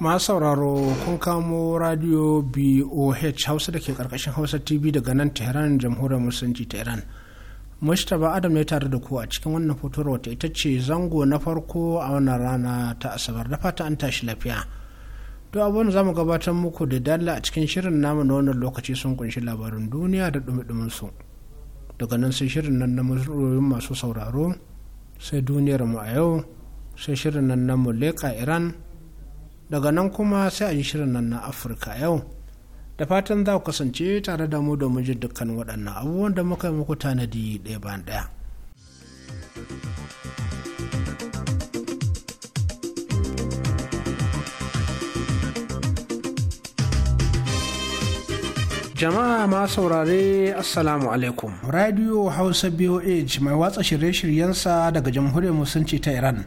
masu sauraro kun kamo radio boh hausa da ke karkashin hausa tv daga nan tehran jamhuriyar musulunci ta iran mustapha adam ne tare da ku a cikin wannan fotowar wata ita ce zango na farko a wannan rana ta asabar da fata an tashi lafiya to abin za mu gabatar muku da dalla a cikin shirin namu na wannan lokaci sun kunshi labarin duniya da dumi su daga nan sai shirin nan na masu sauraro sai duniyar mu a yau sai shirin nan na mu leka iran daga nan kuma sai a yi shirin nan na afirka yau da fatan za ku kasance tare da mu domin jin dukkan waɗannan abubuwan da muka yi muku tanadi ɗaya bayan ɗaya jama'a ma saurare assalamu alaikum radio hausa boh mai watsa shirye-shiryensa daga jamhuriyar musulunci ta iran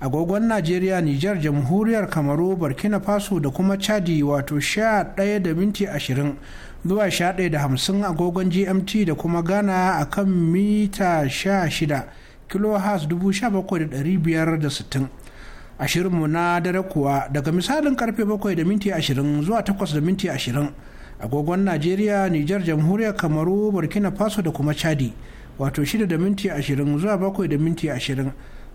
agogon najeriya niger jamhuriyar kamaru burkina faso da kuma chadi wato ɗaya da minti ashirin zuwa ɗaya da hamsin agogon gmt da kuma ghana a kan mita da kilohas 17,560 ashirinmu na dare kuwa daga misalin karfe bakwai da minti ashirin zuwa takwas da minti ashirin agogon najeriya niger jamhuriyar kamaru burkina faso da kuma chadi wato shida da minti ashirin zuwa bakwai da minti ashirin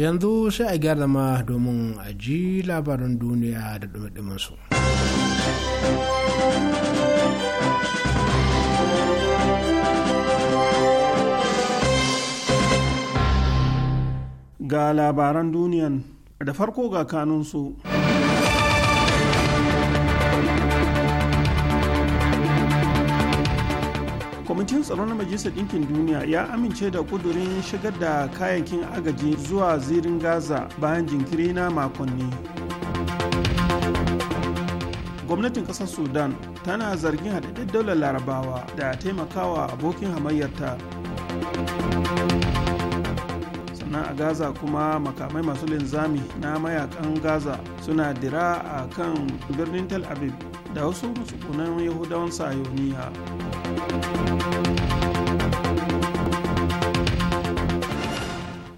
yanzu sai a gyara ma domin a ji labaran duniya da su. ga labaran duniyan da farko ga kanunsu. su tsaron na majalisar ɗinkin duniya ya amince da ƙudurin shigar da kayayyakin agaji zuwa zirin gaza bayan jinkiri na makonni gwamnatin ƙasar sudan tana zargin haɗaɗɗen daular larabawa da taimakawa abokin hamayyarta sannan a gaza kuma makamai masu linzami na mayakan gaza suna dira a kan birnin tel aviv da wasu matsugunan yahudawan sayoniya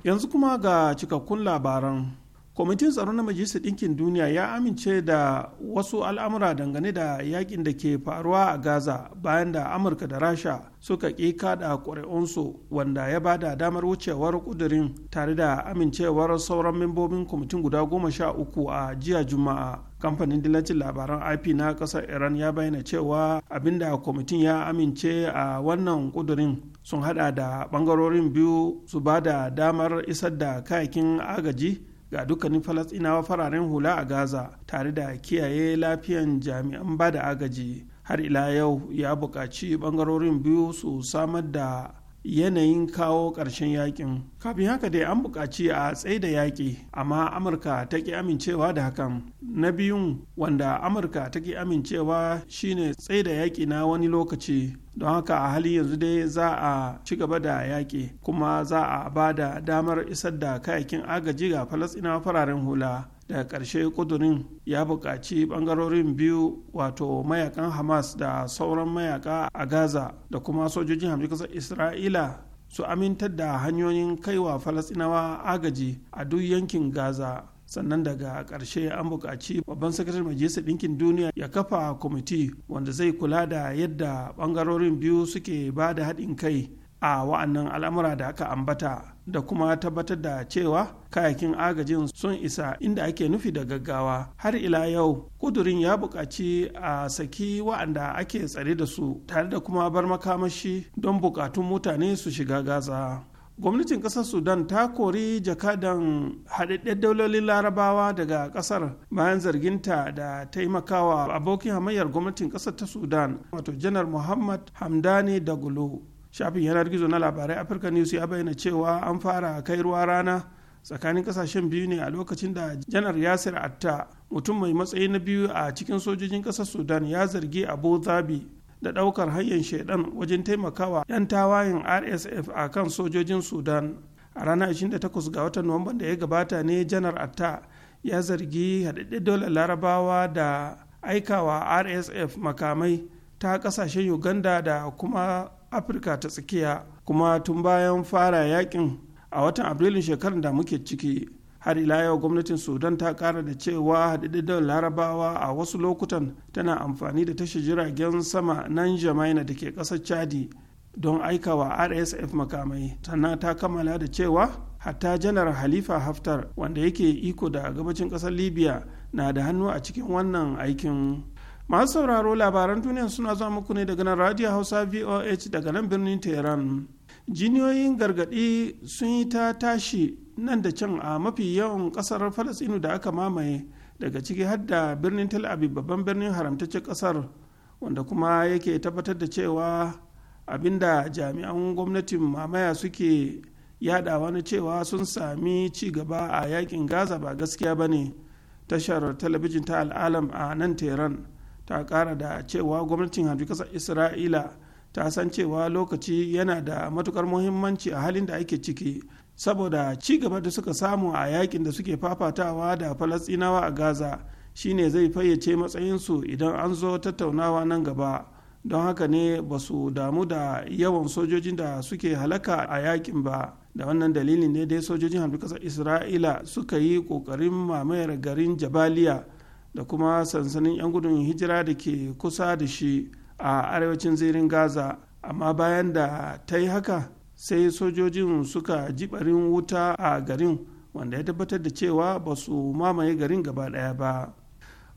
yanzu kuma ga cikakkun labaran kwamitin tsaro na majalisar ɗinkin duniya ya amince da wasu al'amura dangane da yakin da ke faruwa a gaza bayan da amurka da rasha suka ƙi kada ƙuri'unsu wanda ya ba da damar wucewar ƙudurin tare da amincewar sauran membobin kwamitin guda goma sha uku a jiya juma'a kamfanin dillacin labaran ip na kasar iran ya bayyana cewa abinda kwamitin ya amince a wannan kudurin sun hada da bangarorin biyu su ba da damar isar da kayakin agaji ga dukkanin falasinawa fararen hula a gaza tare da kiyaye lafiyan jami'an ba da agaji har ila yau ya buƙaci bangarorin biyu su samar da yanayin kawo ƙarshen yakin kafin haka dai an buƙaci a tsaida yaƙi amma amurka ta ƙi amincewa da hakan na biyun wanda amurka ta ƙi amincewa shine tsaida yaƙi na wani lokaci don haka a hali yanzu dai za a ci gaba da yaƙi kuma za a ba da damar isar da kayakin agaji ga falasɗinawa fararen hula daga ƙarshe ƙudurin ya buƙaci ɓangarorin biyu wato mayakan hamas da sauran mayaka a gaza da kuma sojojin hamsin ƙasar isra'ila su amintar da hanyoyin kaiwa falasinawa agaji a duk yankin gaza sannan daga ƙarshe an buƙaci babban sakataren majalisar ɗinkin duniya ya kafa kwamiti wanda zai kula da yadda ɓangarorin biyu suke ba da haɗin kai a wa'annan al'amura da aka ambata da kuma tabbatar da cewa kayakin agajin sun isa inda ake nufi da gaggawa har ila yau kudurin ya buƙaci a saki wa'anda ake tsare da su tare da kuma bar makamashi don buƙatun mutane su shiga gaza gwamnatin ƙasar sudan ta kori jakadan haɗaɗɗen daulolin larabawa daga ƙasar bayan zarginta da taimakawa abokin hamayyar gwamnatin ƙasar ta sudan wato janar muhammad hamdani dagulo shafin yanar gizo na labarai afirka news ya bayyana cewa an fara kai ruwa rana tsakanin kasashen biyu ne a lokacin da janar yasir atta mutum mai matsayi na biyu a cikin sojojin kasar sudan ya zargi abu dhabi da daukar hanyar shaidan wajen taimakawa 'yan tawayen rsf a kan sojojin sudan a ranar 28 ga watan nuwamban da ya gabata ne janar atta ya zargi haɗaɗɗen dole larabawa da aikawa rsf makamai ta kasashen uganda da kuma afirka ta tsakiya kuma tun bayan fara yakin a watan afrilun shekarar da muke ciki har ila yau gwamnatin sudan ta kara da cewa hadidin larabawa a wasu lokutan tana amfani da tashar jiragen sama nan jamaina da ke ƙasar chadi don aikawa rsf makamai sannan ta kammala da cewa hatta janar halifa haftar wanda yake iko da gabacin ƙasar libya na da hannu a cikin wannan aikin masu sauraro labaran duniya suna zuwa muku ne daga nan radio hausa voh daga nan birnin tehran jiniyoyin gargadi sun yi ta tashi nan da can a mafi yawan kasar falasinu da aka mamaye daga ciki har da birnin tel aviv babban birnin haramtaccen kasar wanda kuma yake tabbatar da cewa abinda jami'an gwamnatin mamaya suke yada wani cewa sun sami ci gaba a yakin gaza ba gaskiya ba ne tashar talabijin ta al'alam a nan tehran ta kara da cewa gwamnatin hajji kasar isra'ila ta san cewa lokaci yana da matukar muhimmanci a halin da ake ciki saboda ci gaba da suka samu a yakin da suke fafatawa da falastinawa a gaza shine zai fayyace matsayinsu idan an zo tattaunawa nan gaba don haka ne ba su damu da yawan sojojin da suke halaka a yakin ba da wannan dalilin ne dai sojojin hamdu kasar isra'ila suka yi kokarin mamayar garin jabaliya da kuma sansanin 'yan gudun hijira da ke kusa da shi a arewacin zirin gaza amma bayan da ta yi haka sai sojojin suka ji jibarin wuta a garin wanda ya tabbatar da cewa ba su mamaye garin gaba daya ba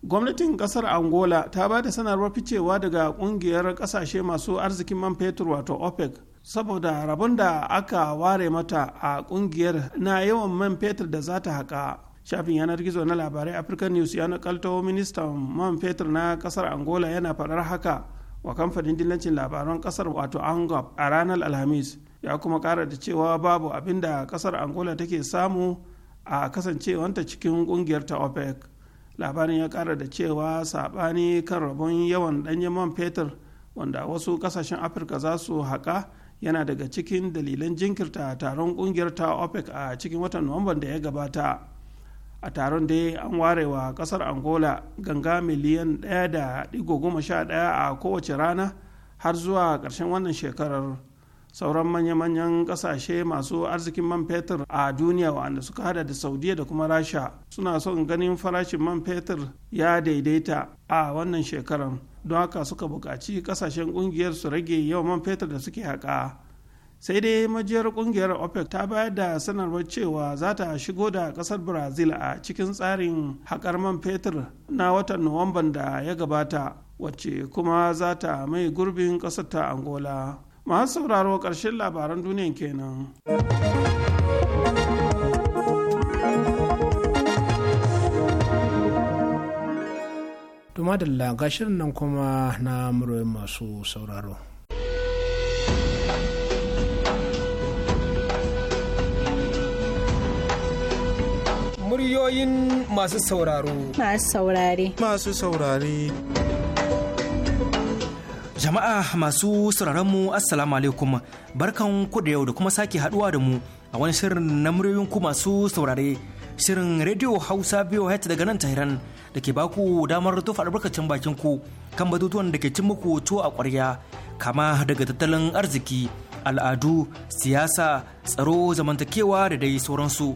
gwamnatin kasar angola ta ba da sanarwar ficewa daga kungiyar kasashe masu arzikin man fetur wato opec saboda rabon da aka ware mata a kungiyar na yawan man fetur da za ta haka. shafin yanar gizo na labarai african news ya nakalto ministan man fetur na kasar angola yana faɗar haka wa kamfanin dillancin labaran kasar wato angop a ranar alhamis ya kuma kara da cewa babu abin da kasar angola take samu a kasancewanta cikin ƙungiyar ta opec labarin ya kara da cewa saɓani kan rabon yawan ɗanyen man fetur wanda wasu ƙasashen afirka za su haƙa yana daga cikin dalilan jinkirta taron ƙungiyar ta opec a cikin watan nuwamban da ya gabata a taron dai an ware wa kasar angola ganga miliyan 1.11 a kowace rana har zuwa ƙarshen wannan shekarar sauran manya-manyan kasashe masu arzikin man fetur a duniya wanda suka hada da saudiya da kuma rasha suna son ganin farashin man fetur ya daidaita a wannan shekarar don haka suka buƙaci ƙasashen ƙungiyar su rage yawan man fetur da suke haƙa sai dai majiyar kungiyar opec ta bayar da sanarwar cewa za ta shigo da kasar brazil a cikin tsarin haƙar man fetur na watan nuwamban da ya gabata wacce kuma za ta mai gurbin ƙasar ta angola masu sauraro ƙarshen labaran duniya kenan tuma da gashin nan kuma na murai masu sauraro muryoyin masu sauraro. Masu saurare. Masu saurare. Jama'a masu sauraron mu Assalamu alaikum barkan ku da yau da kuma sake haduwa da mu a wani shirin na muryoyin ku masu saurare. Shirin Radio Hausa biyu hat daga nan Tahiran da ke baku damar tofa albarkacin bakin ku kan batutuwan da ke cin muku tuwo a kwarya kama daga tattalin arziki, al'adu, siyasa, tsaro, zamantakewa da dai sauransu.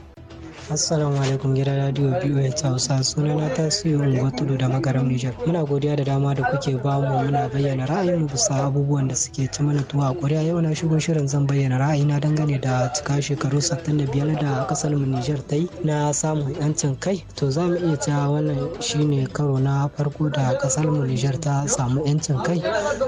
assalamu alaikum gidan radio biyu hausa suna na tasiri unguwa tudu da magaram nijar muna godiya da dama da kuke ba bamu muna bayyana ra'ayin bisa abubuwan da suke ci mana tuwa ƙuri'a yau na shigo shirin zan bayyana ra'ayina dangane da cika shekaru 65 da kasar mu nijar ta yi na samun yancin kai to za mu iya cewa wannan shine karo na farko da kasar mu nijar ta samu yancin kai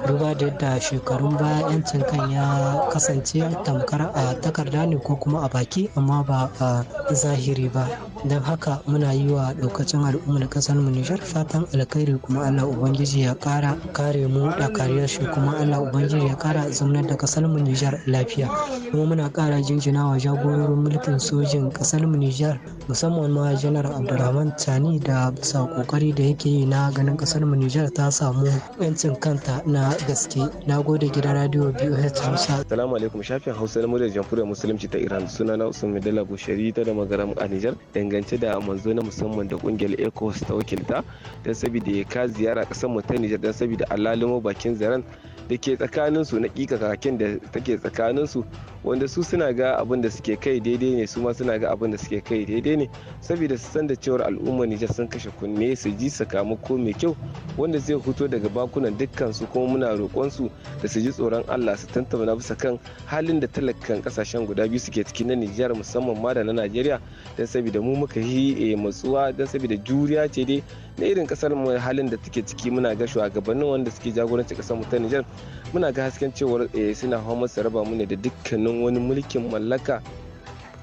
duba da yadda shekarun baya yancin kan ya kasance tamkar a takarda ne ko kuma a baki amma ba a zahiri alheri ba don haka muna yi wa daukacin al'ummar kasar mu nijar fatan alkhairi kuma allah ubangiji ya kara kare mu da kariyar shi kuma allah ubangiji ya kara zaunar da kasar mu nijar lafiya kuma muna kara jinjina wa jagororin mulkin sojin kasar mu nijar musamman ma janar abdulrahman tani da bisa kokari da yake yi na ganin kasar mu nishar ta samu yancin kanta na gaske na gode gidan radio boh hausa alaikum shafin hausa na muryar jamhuriyar musulunci ta iran suna na usman dala bushari ta da magaram a Nijar dangance da manzo na musamman da kungiyar ECOWAS ta wakilta don saboda ya ka ziyara kasar mu ta Nijar don saboda alalimo bakin zaren da ke tsakanin su na kika kakin da take tsakanin su wanda su suna ga abin da suke kai daidai ne su ma suna ga abin da suke kai daidai ne saboda su san da cewar al'ummar Nijar sun kashe kunne su ji sakamako mai kyau wanda zai huto daga bakunan dukkan su kuma muna roƙon su da su ji tsoron Allah su tantamana bisa kan halin da talakan kasashen guda biyu suke ciki na Nijar musamman ma da na Najeriya don saboda mu muka yi eh, matsuwa don saboda juriya ce dai na irin kasar mu halin da take ciki muna ga shugabannin wanda suke jagoranci kasar mu ta Nijar muna ga hasken cewa eh, suna hawa masa raba mu ne da dukkanin wani mulkin mallaka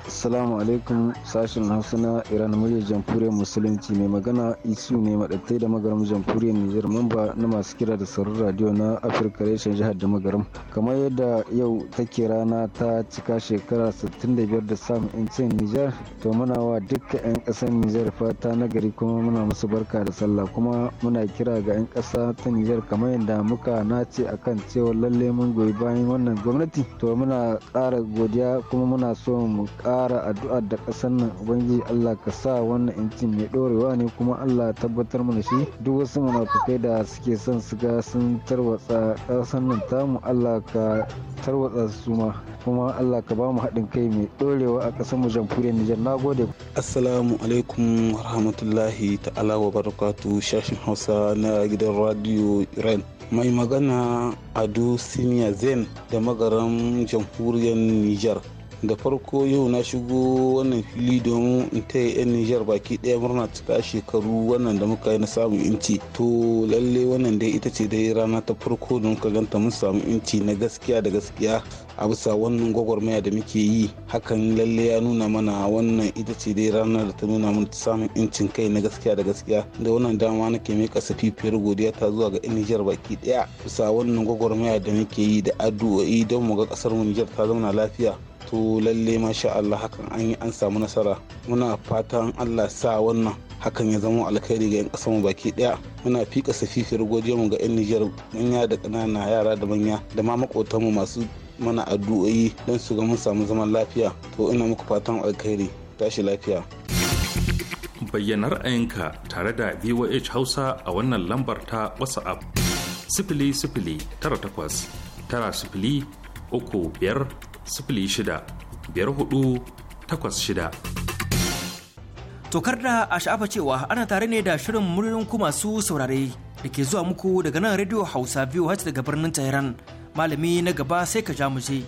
Assalamu alaikum sashen Hausa na Iran muryar jamhuriyar Musulunci mai magana isu ne madattai da magaram jamhuriyar Nijar mamba na masu kira da sauran radio na Afirka reshen jihar da magaram. Kamar yadda yau take rana ta cika shekara 65 da in incin Nijar to muna wa duka 'yan ƙasar Nijar fata na gari kuma muna musu barka da sallah kuma muna kira ga 'yan ƙasa ta Nijar kamar yadda muka nace akan cewa lalle mun goyi bayan wannan gwamnati to muna ƙara godiya kuma muna so mu kara addu'ar da ƙasar nan ubangiji Allah ka sa wannan incin mai ɗorewa ne kuma Allah tabbatar mana shi duk wasu munafukai da suke son su ga sun tarwatsa ƙasar nan tamu Allah ka tarwatsa su ma kuma Allah ka ba mu haɗin kai mai ɗorewa a ƙasar mu jamhuriyar Nijar na gode. Assalamu alaikum rahmatullahi ta'ala wa barakatu shashin Hausa na gidan radio Iran. Mai magana Ado Siniya Zen da magaran jamhuriyar Nijar. da farko yau na shigo wannan fili domin in ta yi 'yan nijar baki daya murna cika shekaru wannan da muka yi na samun inci to lalle wannan dai ita ce dai rana ta farko da muka ganta mun samu inci na gaskiya da gaskiya a bisa wannan gwagwarmaya da muke yi hakan lalle ya nuna mana wannan ita ce dai ranar da ta nuna mun samun incin kai na gaskiya da gaskiya da wannan dama nake mai kasa fifiyar godiya ta zuwa ga yan baki daya bisa wannan gwagwarmaya da muke yi da addu'o'i don mu ga kasar mu nijar ta zauna lafiya to lalle masha Allah hakan an yi an samu nasara muna fatan Allah sa wannan hakan ya zama alkhairi ga 'yan ƙasar baki ɗaya muna fika safifiyar godiya mu ga 'yan Nijar manya da ƙanana yara da manya da ma maƙotanmu masu mana addu'o'i don su ga mun samu zaman lafiya to ina muku fatan alkhairi tashi lafiya bayyana ayinka tare da voh hausa a wannan lambar ta whatsapp sifili sifili tara takwas tara uku biyar shida biyar huɗu takwas shida. Tokar da a sha'afa cewa ana tare ne da shirin muryoyin ku masu saurare da ke zuwa muku daga nan rediyo Hausa biyu hajji daga birnin Tehran. Malami na gaba sai ka ja mu je.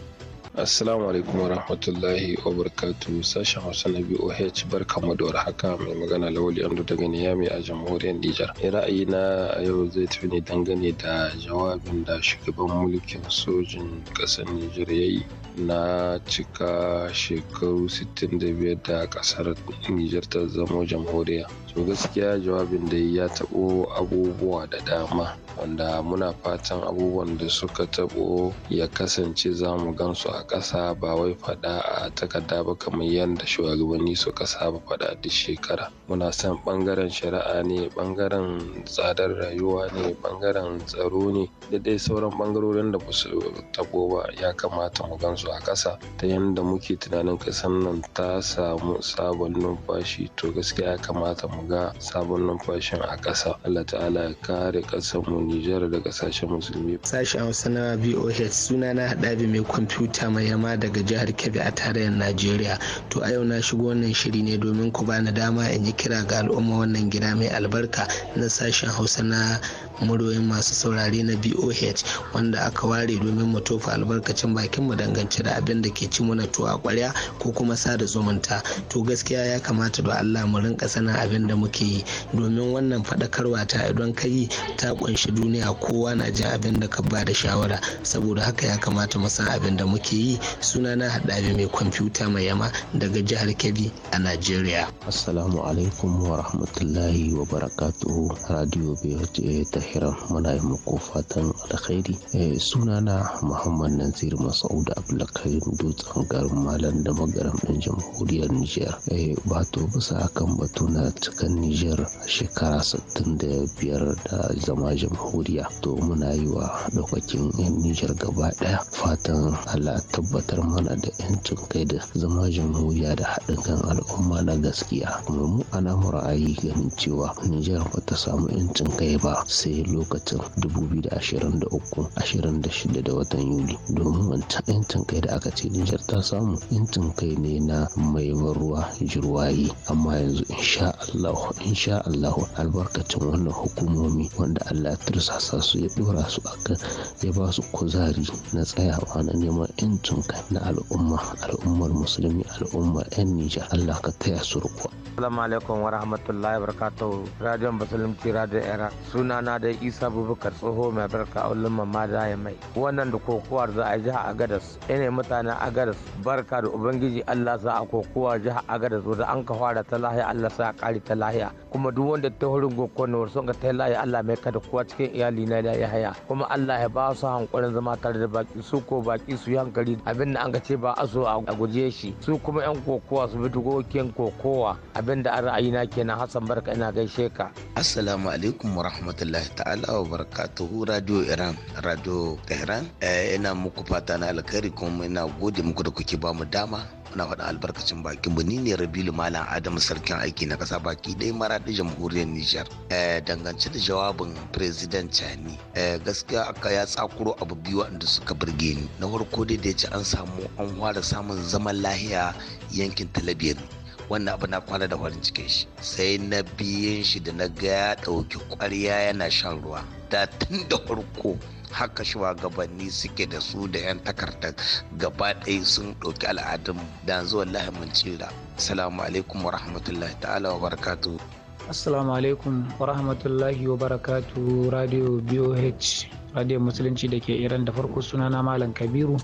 Assalamu alaikum wa rahmatullahi wa barakatu sashen Hausa na BOH mu da warhaka mai magana Lawali Ando daga Niyami a jamhuriyar Nijar. Ra'ayi na a yau zai tafi ne dangane da jawabin da shugaban mulkin sojin ƙasar Nijar ya yi na cika shekaru 65 da ƙasar Nijar ta zama jamhuriya. to gaskiya jawabin da ya taɓo abubuwa da dama wanda muna fatan abubuwan da suka taɓo ya kasance za mu gansu a ƙasa ba wai faɗa a takarda ba kamar yadda shugabanni suka saba faɗa duk shekara muna son ɓangaren shari'a ne ɓangaren tsadar rayuwa ne ɓangaren tsaro ne da dai sauran ɓangarorin da ba su taɓo ba ya kamata mu gansu a ƙasa ta yadda muke tunanin ka nan ta samu sabon numfashi to gaskiya ya kamata mu ga sabon numfashin a ƙasa allah ta'ala ya kare ƙasar mu nijar da ƙasashen musulmi sashi hausa na voh suna na haɗabi mai kwamfuta mai yama daga jihar kebbi a tarayyar najeriya to a yau na shigo wannan shiri ne domin ku bani dama in yi kira ga al'umma wannan gida mai albarka na sashen hausa na muryoyin masu saurare na boh wanda aka ware domin mu tofa albarkacin bakin mu dangance da abin da ke ci mana a kwarya ko kuma sada zumunta to gaskiya ya kamata da allah mu rinka sanin abin da da muke yi domin wannan faɗakarwa ta idan ka yi ta ƙunshi duniya kowa na jin abin da ka ba da shawara saboda haka ya kamata mu san abin da muke yi sunana haɗabi mai kwamfuta mai yama daga jihar Kebbi a Najeriya. Assalamu alaikum wa rahmatullahi wa barakatuhu Radio ta hira muna yi muku fatan alkhairi. Eh, sunana Muhammad Nazir Masaud Abdulkarim Dutsen garin Malam da magaram ɗin jamhuriyar Nijar. Eh, wato bisa akan batu na cika kan Nijar shekara 65 da zama jamhuriya to muna yi wa lokacin 'yan Nijar gaba ɗaya fatan Allah tabbatar mana da 'yancin kai da zama jamhuriya da haɗin kan al'umma na gaskiya kuma mu ana ra'ayi ganin cewa Nijar ba ta samu 'yancin kai ba sai lokacin 2023-26 da watan Yuli domin wancan 'yancin kai da aka ce Nijar ta samu 'yancin kai ne na mai ruwa jirwayi amma yanzu insha Allah Allah insha Allah albarkacin wannan hukumomi wanda Allah tursasa su ya dora su akan ya ba su kuzari na tsayawa na neman yancin na al'umma al'ummar musulmi al'ummar 'yan Nijar Allah ka taya su riko. Assalamu alaikum wa rahmatullahi wa barakatuhu radiyon musulunci radiyon era suna na da isa abubakar tsoho mai barka a ulun mamma da ya mai wannan da kokowar za a jiha agadas ina mutanen agadas barka da ubangiji Allah za a kokowa jiha agadas wanda an ka fara ta lahi Allah sa a kari ta lahiya kuma duk wanda ta hurin na wasu ga ta lahiya Allah mai kada kowa cikin iyali na ya haya kuma Allah ya ba su hankurin zama tare da baki su ko baki su yi hankali abin da an ga ce ba a so a guje shi su kuma yan kokowa su bi dokokin kokowa abin da an ra'ayi na kenan Hassan Barka ina gaishe ka Assalamu alaikum wa rahmatullahi ta'ala wa barakatuhu Radio Iran Radio Tehran eh, ina muku fata na alkhairi kuma ina gode muku da kuke ba mu dama na faɗa albarkacin bakin mu ni ne Rabilu Malam Adamu sarkin aiki na ƙasa baki ɗaya da jamhuriyar Nijar. Eh, dangance da jawabin President Chani eh, gaskiya aka ya tsakuro abu biyu waɗanda suka burge ni. Na farko dai da ya ce an samu an fara samun zaman lahiya yankin talabiyar wannan abu na kwana da farin cikin shi sai na biyan shi da na ga ya ɗauki kwarya yana shan ruwa da tun da farko haka shugabanni suke da su da 'yan takardar gaba ɗaya sun ɗauki al'adun da yanzu wallahi mun cira assalamu alaikum wa rahmatullahi ta'ala wa barakatu assalamu alaikum wa rahmatullahi wa barakatu radio boh radio musulunci da ke iran da farko sunana malam kabiru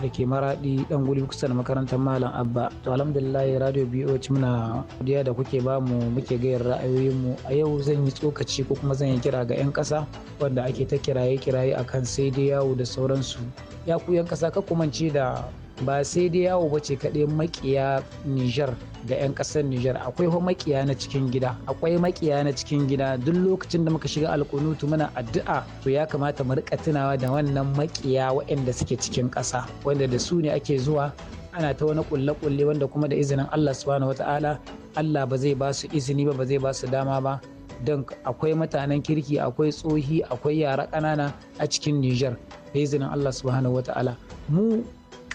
da ke maraɗi ɗan guri kusa da makarantar Malam Abba. To alhamdulillah radio BOH muna godiya da kuke ba mu muke gayar ra'ayoyinmu. A yau zan yi tsokaci ko kuma zan yi kira ga 'yan ƙasa wanda ake ta kiraye-kiraye akan sai dai yawo da sauransu. Ya ku 'yan ƙasa ka kumance da ba sai dai yawo ba ce kaɗai maƙiya Nijar ga 'yan ƙasar Nijar akwai makiya na cikin gida akwai maƙiya na cikin gida duk lokacin da muka shiga alkunutu muna addu'a to ya kamata mu rika tunawa da wannan maƙiya waɗanda suke cikin ƙasa wanda da su ne ake zuwa ana ta wani ƙulle-ƙulle wanda kuma da izinin Allah subhanahu wata'ala Allah ba zai ba su izini ba ba zai ba su dama ba don akwai mutanen kirki akwai tsohi akwai yara ƙanana a cikin Nijar da izinin Allah subhanahu wata'ala mu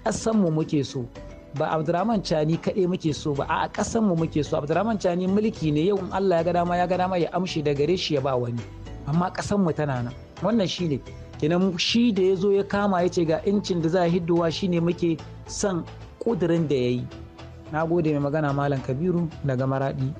ƙasanmu muke so ba abdurrahman cani kaɗai muke so ba a ƙasanmu muke so abdurrahman cani mulki ne yau in allah ya ga dama ya ga dama ya amshi da gare shi ya ba wani amma ƙasanmu tana nan wannan shine kenan shi da ya zo ya kama ya ce ga incin da za a hiddowa shine muke son ƙudurin da ya yi na gode mai magana malam kabiru daga maraɗi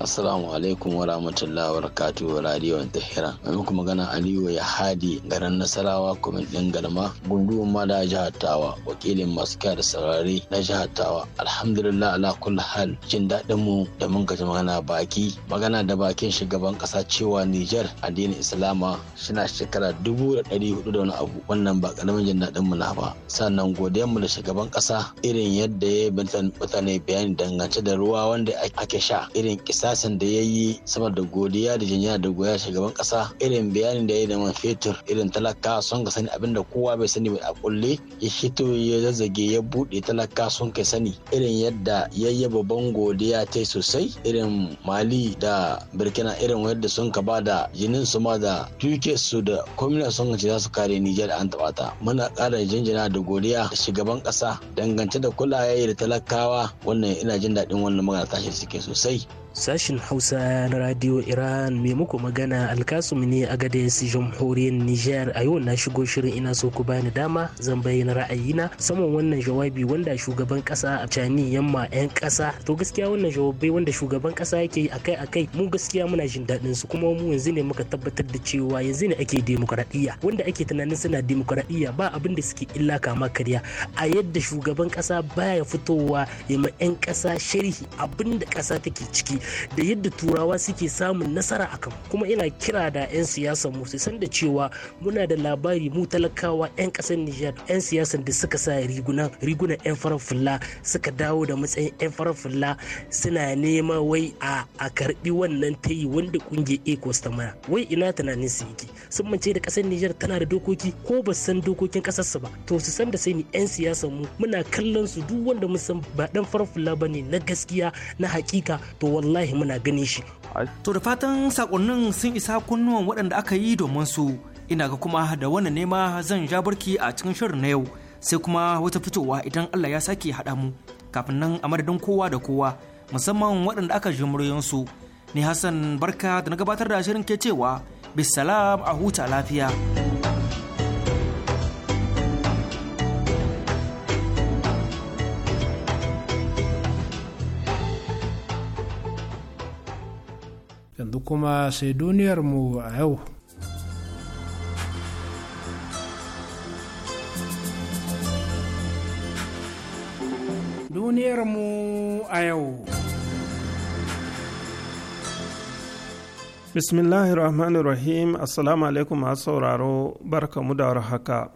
Assalamu alaikum wa rahmatullahi wa wa radiyon Tehran. Mai muku magana Aliyu ya hadi garin Nasarawa kuma ɗin galma gunduwar da jihar Tawa wakilin masu kyau da saurare na jihar Tawa. Alhamdulillah ala kulli hal jin daɗin mu da mun gaji magana baki magana da bakin shugaban kasa cewa Nijar addinin Islama suna shekara dubu da ɗari hudu da wani abu wannan ba ƙaramin jin daɗin mu na ba. Sannan godiyar mu da shugaban kasa, irin yadda ya bintan mutane bayani dangance da ruwa wanda ake sha irin kisa tasan da ya yi da godiya da jinya da goya shugaban kasa irin bayanin da ya yi da man fetur irin talaka sun ka sani abinda kowa bai sani mai a kulle ya shito ya zazzage ya buɗe talaka sun ka sani irin yadda ya yi babban godiya ta sosai irin mali da birkina irin yadda sun ka ba da jinin su ma da duke su da kwamina sun ce za su kare nijar an taɓa ta muna ƙara jinjina da godiya shugaban kasa dangance da kula da talakawa wannan ina jin daɗin wannan magana tashi suke sosai Sashin Hausa na Radio Iran mai muku magana alkasumi ne a yasi jamhuriyar niger a yau na shigo shirin ina so ku bani dama zan bayyana ra'ayina saman wannan jawabi wanda shugaban kasa a Cani yamma 'yan kasa to gaskiya wannan jawabai wanda shugaban kasa yake akai akai mu gaskiya muna jin daɗin su kuma mu yanzu ne muka tabbatar da cewa yanzu ne ake demokradiyya wanda ake tunanin suna demokradiyya ba abin da suke illa kama karya a yadda shugaban kasa baya fitowa ya ma 'yan kasa sharhi abinda da kasa take ciki da yadda turawa suke samun nasara a akan kuma ina kira da 'yan siyasan mu san da cewa muna da labari mu talakawa 'yan kasar Nijar 'yan siyasan da suka sa riguna riguna 'yan farar fulla suka dawo da matsayin 'yan farar fulla suna nema wai a a karbi wannan tayi wanda kungiyar ECOWAS ta wai ina tunanin su yake sun mance da kasar Nijar tana da dokoki ko ba san dokokin kasar su ba to su san da sai ni 'yan siyasan mu muna kallon su duk wanda mun san ba dan farar fulla bane na gaskiya na hakika to wallahi wallahi muna gani shi to da fatan sakonnin sun isa kunnuwan waɗanda aka yi domin su ina ga kuma da wannan nema zan ja barki a cikin shirin na yau sai kuma wata fitowa idan Allah ya sake haɗa mu kafin nan a madadin kowa da kowa musamman waɗanda aka ji muryansu ni Hassan barka da na gabatar da shirin ke cewa bisalam a huta lafiya. kuma sai duniyarmu a yau. Duniyarmu a yau. Bismillahir Rahmanir Rahim, Assalamu alaikum masu sauraro, mu da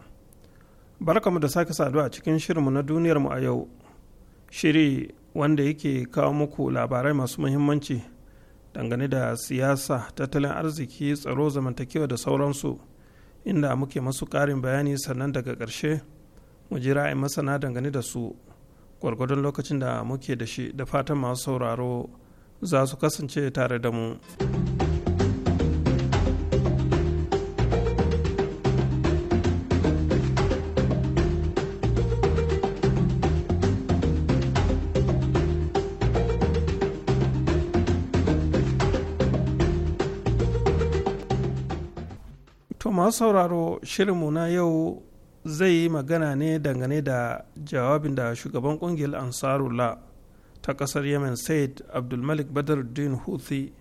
Barka mu da sake saduwa a cikin shirinmu na duniyarmu a yau. Shiri wanda yake kawo muku labarai masu muhimmanci dangane da siyasa tattalin arziki tsaro zamantakewa da sauransu inda muke masu ƙarin bayani sannan daga ƙarshe mu ji ra'ayin masana dangane da su gwargwadon lokacin da muke da shi da fatan masu sauraro za su kasance tare da mu. masu sauraro shirinmu na yau zai yi magana ne dangane da jawabin da shugaban kungiyar ansarula ta kasar yemen said abdulmalik badaruddin huthi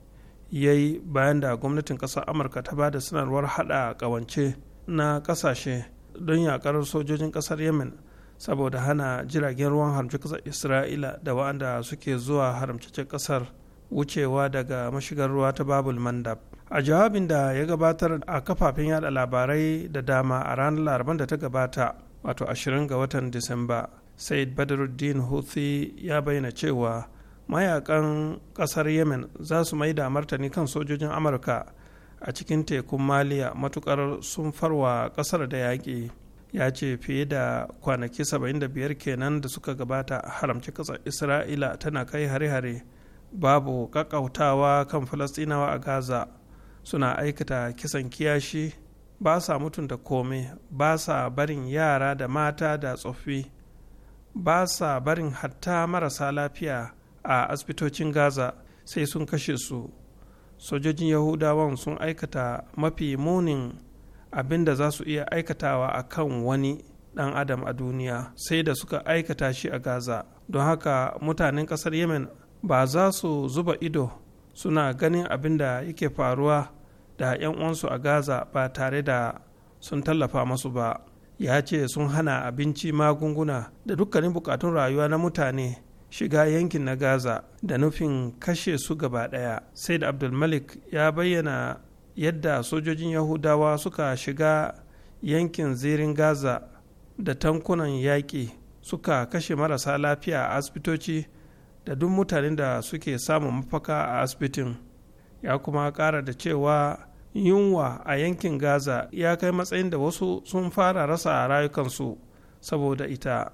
ya yi bayan da gwamnatin kasar amurka ta ba da sanarwar hada kawance na kasashe don yakar sojojin kasar yemen saboda hana jiragen ruwan haramci kasar isra'ila da wa'anda suke zuwa haramcicin kasar wucewa daga mashigar ruwa ta babul mandab a jawabin da ya gabatar a kafafen yada labarai da dama a ranar laraban da ta gabata wato 20 ga watan disamba said badruddin houthi ya bayyana cewa mayakan kasar yemen za su mai da martani kan sojojin amurka a cikin tekun maliya matukar sun farwa kasar da yaƙi ya ce fiye da kwanaki 75 kenan da suka gabata haramci kasar isra'ila tana kai hare-hare babu kakautawa kan falasinawa a gaza suna aikata kisan kiyashi ba sa mutunta komai ba sa barin yara da mata da tsoffi ba sa barin hatta marasa lafiya a asibitocin gaza sai sun kashe su sojojin yahudawan sun aikata mafi munin abin da za su iya aikatawa a kan wani dan adam a duniya sai da suka aikata shi a gaza don haka mutanen kasar yemen ba za su zuba ido suna ganin abin da yake faruwa da 'yan uwansu a gaza ba tare da sun tallafa masu ba ya ce sun hana abinci magunguna da dukkanin bukatun rayuwa na mutane shiga yankin na gaza da nufin kashe su gaba daya said abdulmalik ya bayyana yadda sojojin yahudawa suka shiga yankin zirin gaza da tankunan yaƙi suka kashe marasa lafiya a asibitoci da duk mutanen da suke samun mafaka a asibitin ya kuma kara da cewa yunwa a yankin gaza ya kai matsayin da wasu sun fara rasa a rayukansu saboda ita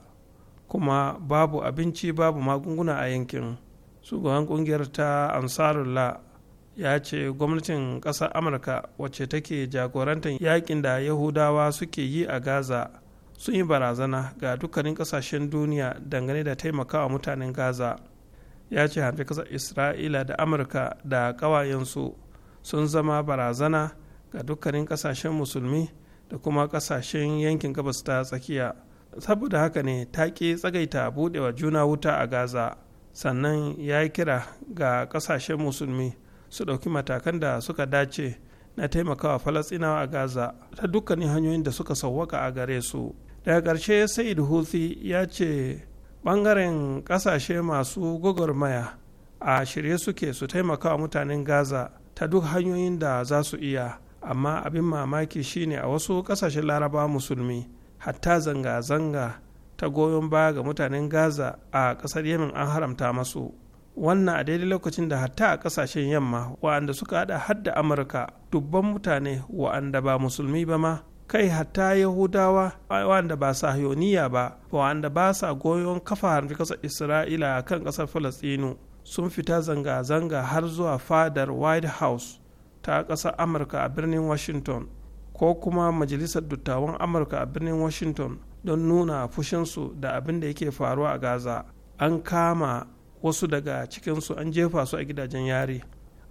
kuma babu abinci babu magunguna a yankin shugaban kungiyar ta ansarullah ya ce gwamnatin ƙasar amurka wacce take jagorantar yakin da yahudawa suke yi a gaza sun yi barazana ga dukkanin ƙasashen duniya dangane da taimakawa mutanen gaza ya ce harfi kasar isra'ila da amurka da ƙawayensu sun zama barazana ga dukkanin ƙasashen musulmi da kuma ƙasashen yankin gabas ta tsakiya saboda haka ne ta ƙi tsagaita buɗewa juna wuta a gaza sannan ya kira ga ƙasashen musulmi su ɗauki matakan da suka dace na taimakawa falasɗinawa a gaza ta dukkanin hanyoyin da suka sauwaka a gare su daga ƙarshe said huthi ya ce ɓangaren ƙasashe masu gwagwarmaya a shirye suke su taimaka wa mutanen gaza ta duk hanyoyin da za su iya amma abin mamaki shine a wasu ƙasashen laraba musulmi hatta zanga-zanga ta goyon ba ga mutanen gaza a ƙasar yamin an haramta masu wannan a daidai lokacin da hatta a ƙasashen yamma wa'anda suka hada hadda amurka dubban mutane wa'anda ba musulmi ba ma kai hatta yahudawa wanda ba sahiyoniya ba wanda ba sa goyon kafa harfi kasar isra'ila kan kasar falastinu sun fita zanga-zanga har zuwa fadar white house ta kasar amurka a birnin washington ko kuma majalisar dattawan amurka a birnin washington don nuna fushinsu da abin da yake faruwa a gaza an kama wasu daga cikinsu an jefa su a gidajen yari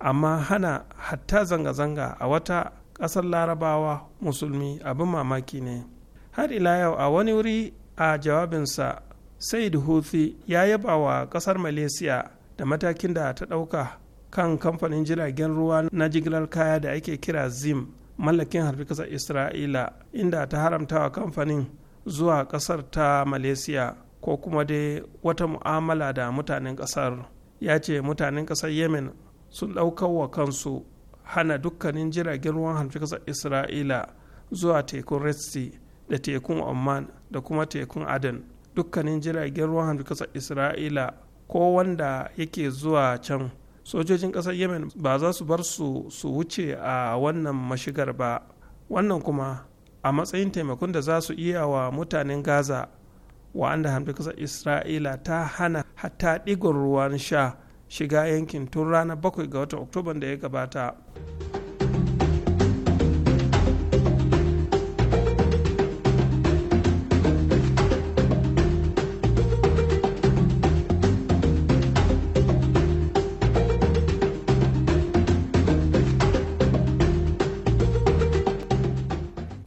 amma hana hatta zanga-zanga a wata ƙasar larabawa musulmi abin mamaki ne har ila yau a wani wuri a jawabinsa said huthi ya yaba wa ƙasar malaysia da matakin da ta ɗauka kan kamfanin jiragen ruwa na jigilar kaya da ake kira zim mallakin harfi ƙasar isra'ila inda ta haramta wa kamfanin zuwa ƙasar ta malaysia ko kuma dai wata mu'amala da mutanen ƙasar ya ce mutanen ƙasar yemen sun ɗaukar wa kansu hana dukkanin jiragen ruwan harfi kasar isra'ila zuwa tekun resti da tekun oman da kuma tekun aden dukkanin jiragen ruwan harfi kasar isra'ila ko wanda yake zuwa can sojojin kasar yemen ba za su bar su su wuce a wannan mashigar ba wannan kuma a matsayin taimakon da za su iya wa mutanen gaza wa'anda hamdu kasar isra'ila ta hana hatta ɗigon ruwan sha shiga yankin tun ranar bakwai ga watan oktoban da ya gabata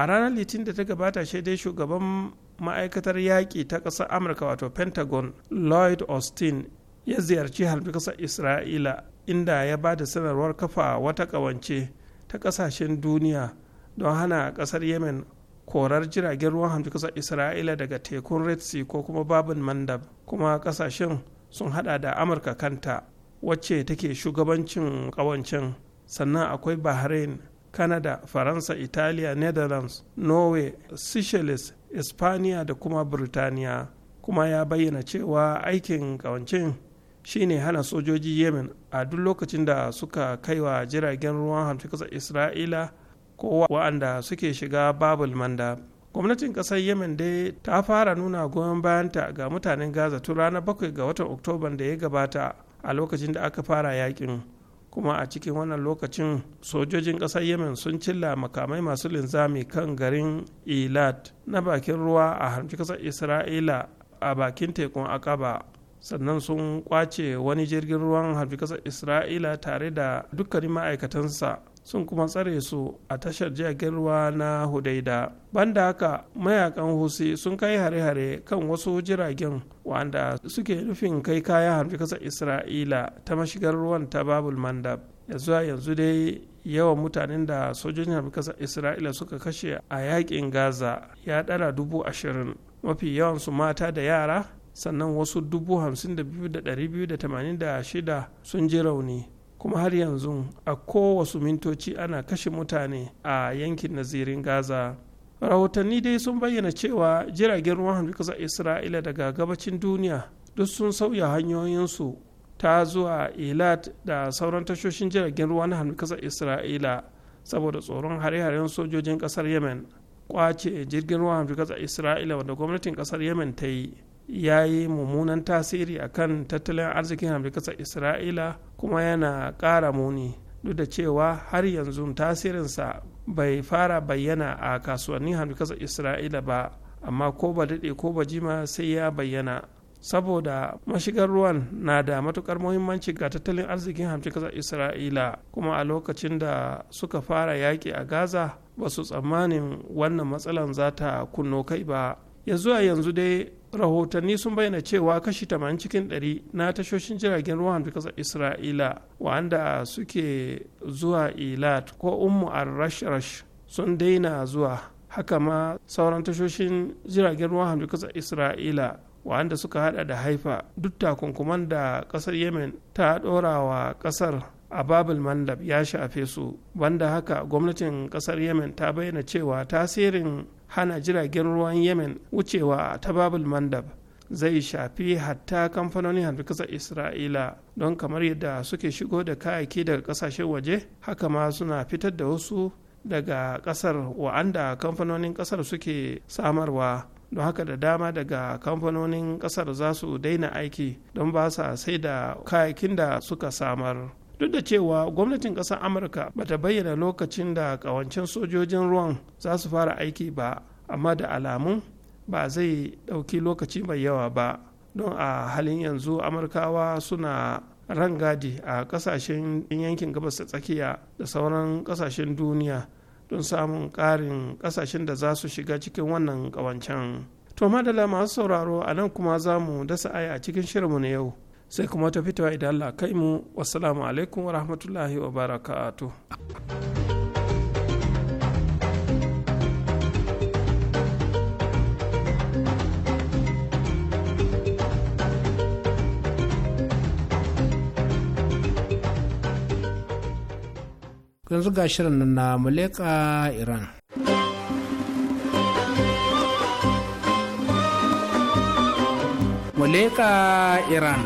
a ranar litinin da ta gabata shaidai shugaban ma'aikatar yaƙi ta ƙasar amurka wato pentagon lloyd austin ya ziyarci harbin ƙasar isra'ila inda ya ba da sanarwar kafa wata ƙawance ta ƙasashen duniya don hana ƙasar yemen korar jiragen ruwan hamsin ƙasar isra'ila daga tekun red sea ko kuma babin mandab kuma ƙasashen sun hada da amurka kanta wacce take shugabancin ƙawancen sannan akwai bahrain canada faransa italiya netherlands norway seychelles espaniya da kuma burtaniya kuma ya bayyana cewa aikin ƙawancen shine hana sojoji yemen a duk lokacin da suka kaiwa jiragen ruwan hamsin isra'ila ko wa'anda suke shiga babul manda gwamnatin kasar yemen dai ta fara nuna goyon bayanta ga mutanen gaza tun ranar bakwai ga watan oktoban da ya gabata a lokacin da aka fara yakin kuma a cikin wannan lokacin sojojin kasar yemen sun cilla makamai masu linzami kan garin ilat na bakin ruwa a harbi kasar isra'ila a bakin tekun akaba sannan sun kwace wani jirgin ruwan harbi kasar isra'ila tare da dukkanin ma'aikatansa sun kuma tsare su a tashar jiragen ruwa na hudaida banda haka mayakan husi sun kai hare-hare kan wasu jiragen wanda suke nufin kai kayan harbi kasar isra'ila ta mashigar ruwan ta babul mandab yanzu yanzu dai yawan mutanen da sojojin harbi isra'ila suka kashe a yakin gaza ya ɗara dubu ashirin mafi yawan su mata da yara sannan wasu 52,286 sun ji rauni kuma har yanzu a kowasu mintoci ana kashe mutane a yankin nazirin gaza rahotanni dai sun bayyana cewa jiragen ruwan hamdukasar isra'ila daga gabacin duniya duk sun sauya hanyoyinsu ta zuwa ilat da sauran tashoshin jiragen ruwa na hamdukasar isra'ila saboda tsoron hare-haren sojojin kasar yemen kwace jirgin ruwan hamdukasar isra'ila wanda gwamnatin kasar yemen ta yi ya yi mummunan tasiri a kan tattalin arzikin amurkasar isra'ila kuma yana ƙara muni duk da cewa har yanzu tasirinsa bai fara bayyana a kasuwannin hamdukasar isra'ila ba amma ko ba daɗe ko ba jima sai ya bayyana saboda mashigar ruwan na da matukar muhimmanci ga tattalin arzikin hamdukasar isra'ila kuma a lokacin da suka fara yaƙi a gaza ba su tsammanin wannan matsalan za ta kunno kai ba yanzu a yanzu dai rahotanni sun bayyana cewa kashi 80 cikin 100 na tashoshin jiragen ruwan kasar isra'ila wanda suke zuwa ilat ko ummu rash sun daina zuwa haka ma sauran tashoshin jiragen ruwan kasar isra'ila wanda suka hada da haifa duk takunkuman da kasar yemen ta dora wa kasar a babul mandab ya shafe su banda haka gwamnatin kasar yemen ta bayyana cewa tasirin hana jiragen ruwan yemen wucewa ta babul mandab zai shafi hatta kamfanonin hannun ƙasar isra'ila don kamar yadda suke shigo da kayayyaki daga ƙasashen waje haka ma suna fitar da wasu daga ƙasar wa'anda kamfanonin ƙasar suke samarwa don haka da dama daga kamfanonin ƙasar za su daina aiki don ba sa sai da kayayyakin da suka samar duk da cewa gwamnatin ƙasar amurka bata bayyana lokacin da ƙawancen sojojin ruwan za su fara aiki ba amma da alamun ba zai ɗauki lokaci mai yawa ba don a halin yanzu amurkawa suna rangadi a ƙasashen yankin gabas ta tsakiya da sauran ƙasashen duniya don samun ƙarin ƙasashen da za su shiga cikin wannan ƙawancen. To madala masu sauraro a nan kuma za mu dasa aya cikin shirinmu na yau sai kuma ta fitowa idan Allah kai mu wassalamu alaikum wa rahmatullahi wa barakatuh yanzu ga shirin nan na muleka iran muleka iran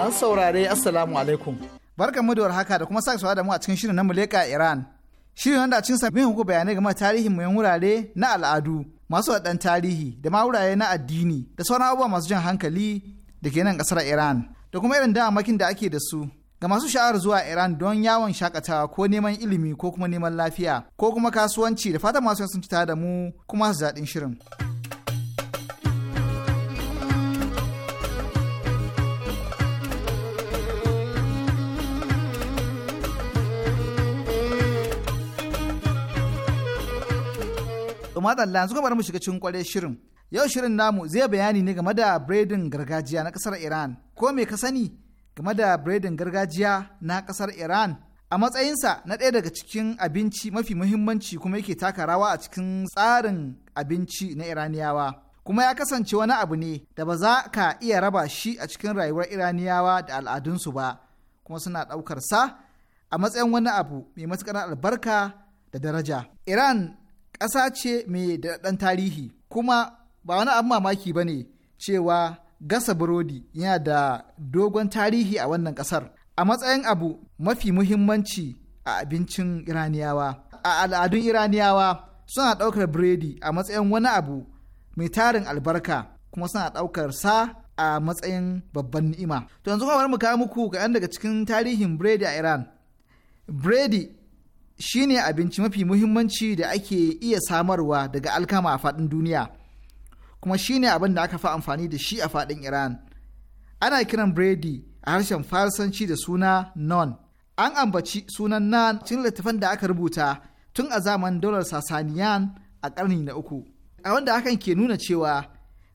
masu saurare assalamu alaikum barkan mu da warhaka da kuma sake da mu a cikin shirin na muleka iran shirin wanda a cikin sabbin bayanai game da tarihin muyan wurare na al'adu masu waɗan tarihi da ma wurare na addini da sauran abubuwa masu jan hankali da ke nan ƙasar iran da kuma irin damakin da ake da su ga masu sha'awar zuwa Iran don yawon shakatawa ko neman ilimi ko kuma neman lafiya ko kuma kasuwanci da fatan masu sun ci da mu kuma su daɗin shirin. To madalla yanzu bar mu shiga cikin kware shirin. Yau shirin namu zai bayani ne game da biredin gargajiya na kasar Iran. Ko me ka sani game da biredin gargajiya na kasar Iran? A matsayinsa na ɗaya daga cikin abinci mafi muhimmanci kuma yake taka rawa a cikin tsarin abinci na Iraniyawa. Kuma ya kasance wani abu ne da ba za ka iya raba shi a cikin rayuwar Iraniyawa da al'adunsu ba, kuma suna ɗaukar sa a matsayin wani abu mai matuƙar albarka da daraja. Iran ƙasa ce mai daɗaɗɗen tarihi kuma ba wani abin mamaki ba ne cewa gasa burodi yana da dogon tarihi a wannan ƙasar a matsayin abu mafi muhimmanci a abincin iraniyawa a al'adun iraniyawa suna ɗaukar biredi a matsayin wani abu mai tarin albarka kuma suna ɗaukar sa a matsayin babban ni'ima to yanzu kuma bari mu kawo muku kaɗan daga cikin tarihin biredi a iran biredi Shi ne abinci mafi muhimmanci da ake iya samarwa daga alkama a faɗin duniya kuma shi ne abin da aka fi amfani da shi a faɗin iran ana kiran biredi a harshen farsanci da suna non an ambaci sunan nan cikin littattafan da aka rubuta tun a zaman daular sasaniyan a ƙarni na uku a wanda hakan ke nuna cewa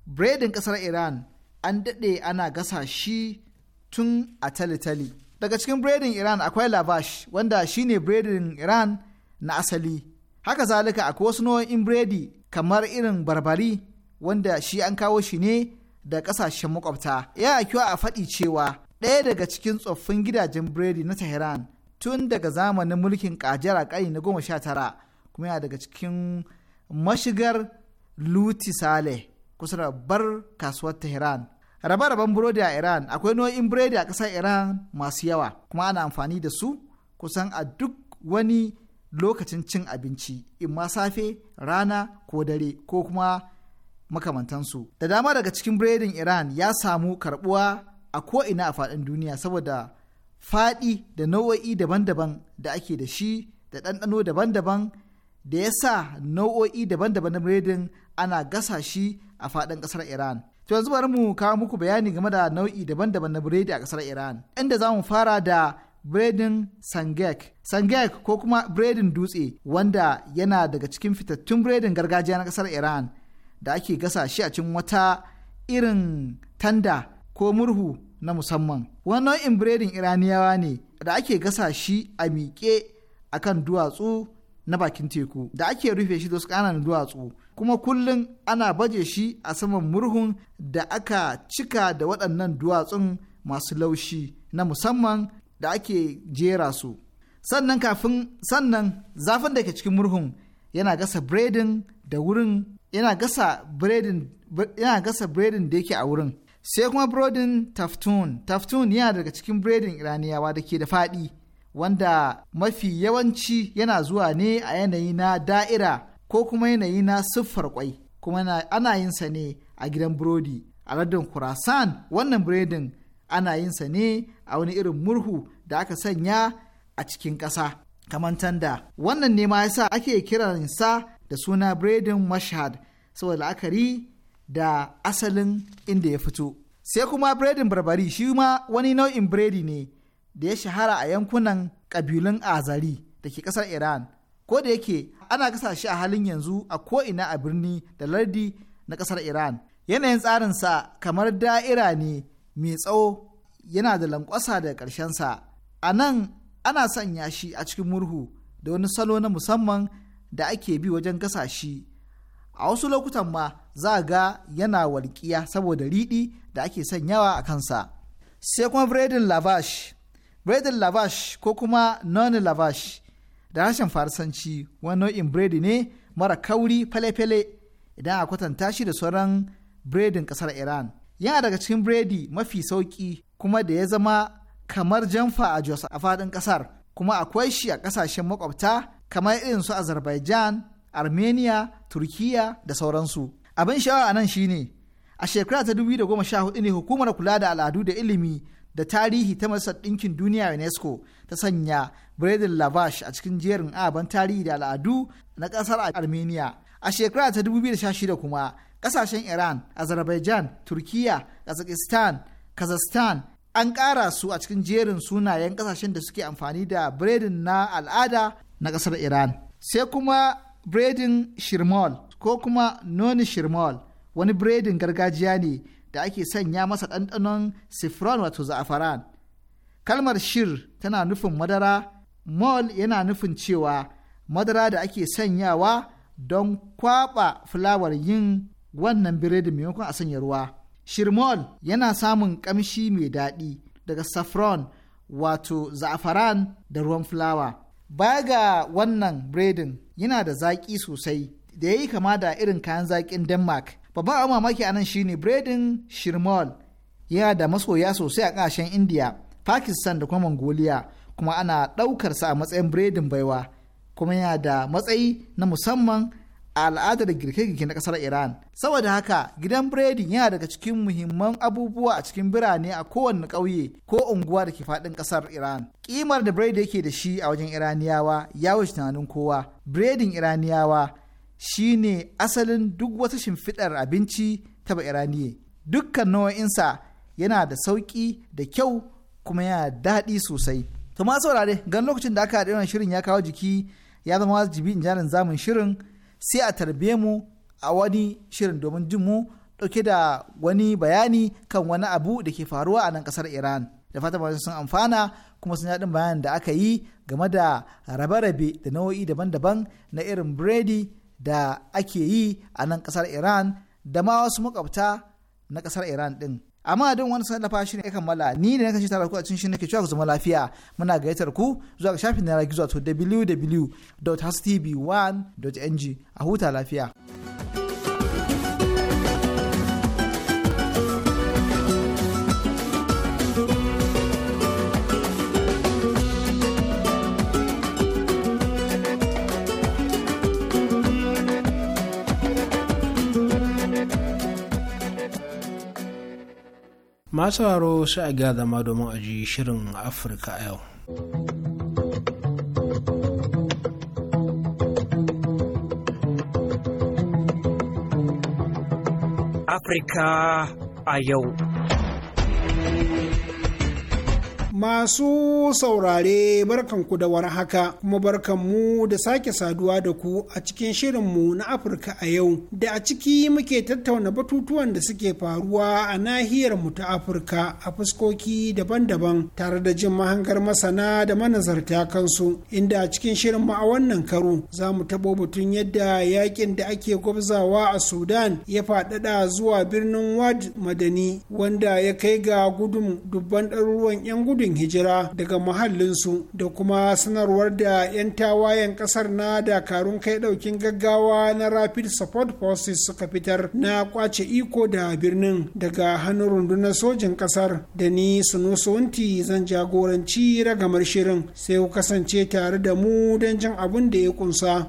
biredin ƙasar iran an daɗe ana gasa shi tun a tali-tali. daga cikin biredin iran akwai lavash wanda shine biredin iran na asali haka zalika akwai wasu nau'in biredi kamar irin barbari wanda shi an kawo shi ne da kasashen makwabta ya akiwa a faɗi cewa ɗaya daga cikin tsoffin gidajen biredi na tehran tun daga zamanin mulkin kajara kai na goma sha tara kuma yana daga cikin mashigar luti saleh kusa da bar kasuwar tehran Raba-raban burodi a Iran akwai nau'in burodi a kasar Iran masu yawa kuma ana amfani da su kusan a duk wani lokacin cin abinci in ma safe rana ko dare ko kuma makamantansu. Da dama daga cikin buredin Iran ya samu karbuwa a ko'ina a faɗin duniya saboda faɗi da nau'o'i daban-daban da ake da shi da ɗanɗano daban-daban da ya sa nau'o'i daban-daban na biredin ana gasa shi a faɗin ƙasar Iran. To yanzu bari mu kawo muku bayani game da nau'i daban-daban na biredi a kasar Iran. Inda za mu fara da biredin sangek. Sangek ko kuma biredin dutse wanda yana daga cikin fitattun biredin gargajiya na kasar Iran da ake gasa shi a cikin wata irin tanda ko murhu na musamman. Wani nau'in biredin Iraniyawa ne da ake gasa shi a miƙe akan duwatsu na bakin teku da ake rufe shi da wasu ƙananan duwatsu kuma kullum ana baje shi a saman murhun da aka cika da waɗannan duwatsun masu laushi na musamman da ake jera su sannan kafin sannan zafin da ke cikin murhun yana gasa biredin da wurin yana gasa biredin yana gasa biredin da yake a wurin sai kuma biredin taftun taftun yana daga cikin biredin iraniyawa da ke da faɗi wanda mafi yawanci yana zuwa ne a yanayi na da'ira ko kuma yanayi na siffar kwai kuma ana yin sa ne a gidan burodi a lardin kurasan wannan biredin ana yin sa ne a wani irin murhu da aka sanya a cikin ƙasa kamar tanda wannan ne ma yasa ake kiran sa da suna biredin mashhad saboda la'akari da asalin inda ya fito sai kuma biredin barbari shi ma wani nau'in biredi ne da ya shahara a yankunan ƙabilun azari da ke ƙasar iran ko da yake ana gasa shi a halin yanzu a ko'ina a birni da lardi na ƙasar iran yanayin tsarinsa kamar da'ira ne mai tsawo yana da lankwasa da ƙarshensa a nan ana sanya shi a cikin murhu da wani salo na musamman da ake bi wajen gasa shi a wasu lokutan ma za a ga yana walƙiya saboda riɗi da ake sanyawa a kansa sai kuma biredin lavash Bredin lavash ko kuma non lavash da harshen farsanci wani nau'in bredi ne mara kauri fale-fale idan a kwatanta shi da sauran bredin kasar Iran. Yana daga cikin bredi mafi sauki kuma da ya zama kamar jamfa a Jos a faɗin ƙasar kuma akwai shi a ƙasashen makwabta kamar irin su Azerbaijan, Armenia, Turkiya da sauransu. Abin sha'awa a nan shine a shekara ta 2014 ne hukumar kula da al'adu da ilimi da tarihi ta Masar Ɗinkin Duniya UNESCO ta sanya biredin lavash a cikin jerin ababen tarihi da al'adu na ƙasar Armenia. A shekara ta 2016 kuma ƙasashen Iran, Azerbaijan, Turkiya, Kazakhstan, Kazakhstan an ƙara su a cikin jerin sunayen ƙasashen da suke amfani da biredin na al'ada na ƙasar Iran. Sai kuma biredin Shirmal ko kuma noni Shirmal wani biredin gargajiya ne da ake sanya masa ɗanɗanon sifron wato za'afaran kalmar shir tana nufin madara mol yana nufin cewa madara da ake sanyawa don kwaɓa fulawar yin wannan biredin maimakon a sanya ruwa mol yana samun ƙamshi mai daɗi daga saffron wato za'afaran da ruwan fulawa Ba ga wannan biredin yana da zaƙi sosai da ya yi kama da irin kayan zaƙin denmark babban abin mamaki a nan shine biredin shirmal yana da masoya sosai a ƙasashen indiya pakistan da kuma mongolia kuma ana ɗaukarsa a matsayin biredin baiwa kuma yana da matsayi na musamman a al'adar girke-girke na ƙasar iran saboda haka gidan biredin yana daga cikin muhimman abubuwa a cikin birane a kowane ƙauye ko unguwa da ke faɗin ƙasar iran ƙimar da biredi yake da shi a wajen iraniyawa ya wuce tunanin kowa biredin iraniyawa shine asalin duk wata shimfiɗar abinci ta iraniye dukkan nau'insa yana da sauƙi da kyau kuma yana daɗi sosai to ma saurare gan lokacin da aka haɗe shirin ya kawo jiki ya zama wajibi in jarin zamun shirin sai a tarbe mu a wani shirin domin jin mu ɗauke da wani bayani kan wani abu da ke faruwa a nan ƙasar iran da fata masu sun amfana kuma sun yaɗin bayanin da aka yi game da rabe-rabe da nau'o'i daban-daban na irin biredi da ake yi a nan kasar iran da ma wasu makwabta na kasar iran din amma don wani sallafa shi ne ya kammala ni ne na kashi tara ku a cikin shi ke cewa ku zama lafiya muna gayyatar ku zuwa ga shafin na gizo to dot 1ng a huta lafiya. masu haro sai a gyara zama domin a ji shirin afirka yau afirka a yau Masu saurare barkanku da war haka kuma barkanmu da sake saduwa da ku a cikin shirinmu na Afirka a yau da a ciki muke tattauna batutuwan da suke faruwa a nahiyar mu ta Afirka a fuskoki daban-daban tare da jin mahangar masana da manazarta kansu inda a cikin shirinmu a wannan karo za mu tabo batun yadda yakin da ake gwabzawa a Sudan ya faɗaɗa zuwa birnin Wad Madani wanda ya kai ga gudun dubban ɗaruruwan 'yan gudun hijira daga muhallinsu da kuma sanarwar da 'yan tawayen kasar na dakarun kai daukin gaggawa na rapid support forces suka fitar na kwace iko da birnin daga hannun rundunar sojin kasar da ni sunusunti zan jagoranci ragamar shirin sai ku kasance tare da mu don jin abin da ya kunsa.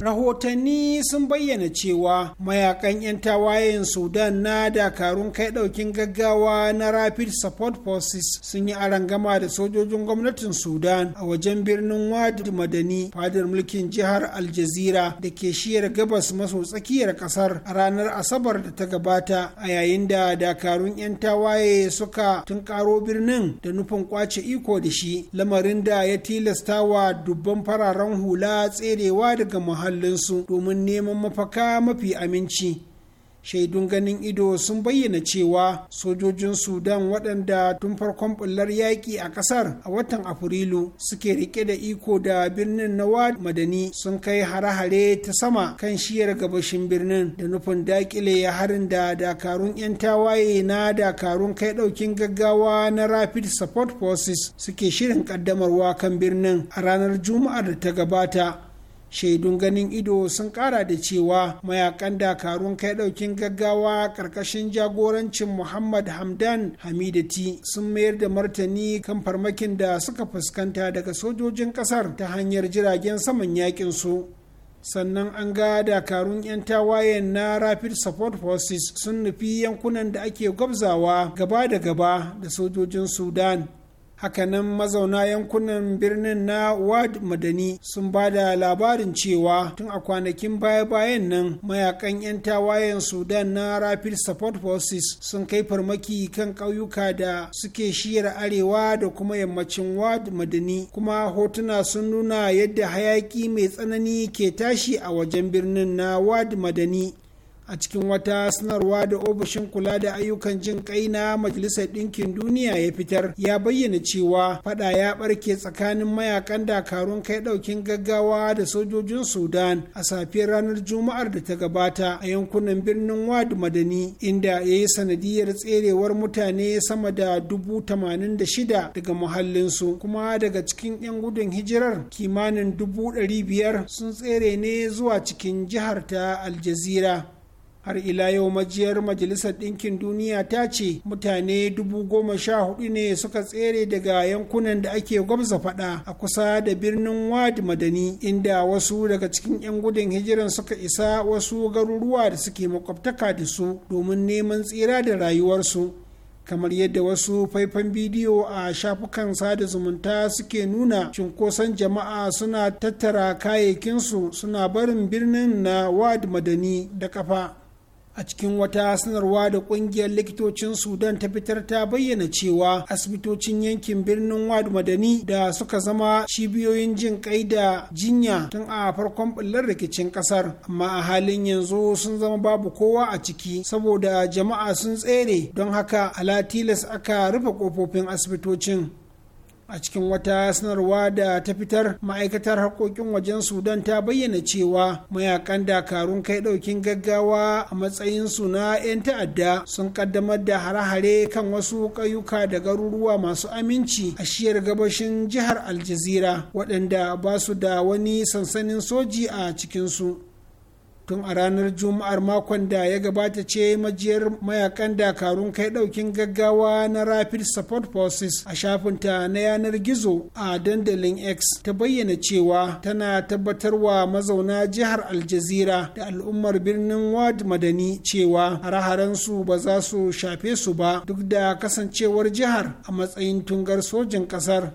rahotanni sun bayyana cewa mayakan 'yan tawayen sudan na dakarun kai daukin gaggawa na rapid support forces sun yi arangama da sojojin gwamnatin sudan a wajen birnin wadi madani fadar mulkin jihar aljazira da ke shiyar gabas maso tsakiyar kasar a ranar asabar da ta gabata a yayin da dakarun 'yan tawaye suka tunkaro birnin da nufin kwace iko da shi lamarin da ya tilasta wa dubban fararen hula tserewa daga muhalli muhallinsu domin neman mafaka mafi aminci shaidun ganin ido sun bayyana cewa sojojin sudan waɗanda tun farkon bullar yaƙi a ƙasar a watan afrilu suke rike da iko da birnin nawa madani sun kai hare-hare ta sama kan shiyar gabashin birnin da nufin daƙile ya harin da dakarun 'yan tawaye na dakarun kai ɗaukin gaggawa na rapid support forces suke shirin ƙaddamarwa kan birnin a ranar juma'ar da ta gabata shaidun ganin ido sun kara da cewa mayakan dakarun kai daukin gaggawa karkashin jagorancin muhammad hamdan hamidati sun mayar da martani kan farmakin da suka fuskanta daga sojojin kasar ta hanyar jiragen saman yakin su sannan an ga dakarun 'yan tawayen na rapid support forces sun nufi yankunan da ake gwabzawa gaba da gaba da sojojin sudan hakanan mazauna yankunan birnin na wad madani sun ba da labarin cewa tun a kwanakin baya-bayan nan mayakan 'yan tawayen sudan na rapid support forces sun kai farmaki kan ƙauyuka da suke shiyar arewa da kuma yammacin wad madani kuma hotuna sun nuna yadda hayaki mai tsanani ke tashi a wajen birnin na wad madani a cikin wata sanarwa da ofishin kula da ayyukan jin kai na majalisar ɗinkin duniya ya fitar ya bayyana cewa fada ya barke tsakanin mayakan dakarun kai ɗaukin gaggawa da sojojin sudan a safiyar ranar juma'ar da ta gabata a yankunan birnin wadu madani inda ya yi sanadiyar tserewar mutane sama da dubu tamanin da shida daga muhallinsu kuma daga cikin 'yan gudun hijirar kimanin dubu ɗari biyar sun tsere ne zuwa cikin jihar ta aljazira har ila yau majiyar majalisar ɗinkin duniya ta ce mutane dubu goma sha hudu ne suka tsere daga yankunan da ake gwamza faɗa a kusa da birnin wad madani inda wasu daga cikin 'yan gudun hijiran suka isa wasu garuruwa da suke makwabtaka da su domin neman tsira da rayuwarsu kamar yadda wasu faifan bidiyo a shafukan sada zumunta suke nuna cunkoson jama'a suna tattara kayayyakinsu suna barin birnin na wad madani da kafa a cikin wata sanarwa da kungiyar likitocin sudan ta fitar ta bayyana cewa asibitocin yankin birnin wadu madani da suka zama cibiyoyin jin kai da jinya tun a farkon bullar rikicin kasar amma a halin yanzu sun zama babu kowa a ciki saboda jama'a sun tsere don haka ala tilas aka rufe kofofin asibitocin a cikin wata sanarwa da ta fitar ma'aikatar harkokin wajen sudan ta bayyana cewa mayakan dakarun kai ɗaukin gaggawa a su na 'yan ta'adda sun kaddamar da hare-hare kan wasu ƙauyuka da garuruwa masu aminci a shiyar gabashin jihar aljazira waɗanda ba su da wani sansanin soji a cikinsu tun a ranar juma'ar makon da ya gabata ce majiyar mayakan dakarun kai daukin gaggawa na rapid support forces a shafinta na yanar gizo a dandalin x ta bayyana cewa tana tabbatarwa mazauna jihar aljazira da al'ummar birnin wad madani cewa hare su ba za su shafe su ba duk da kasancewar jihar a matsayin tungar sojin kasar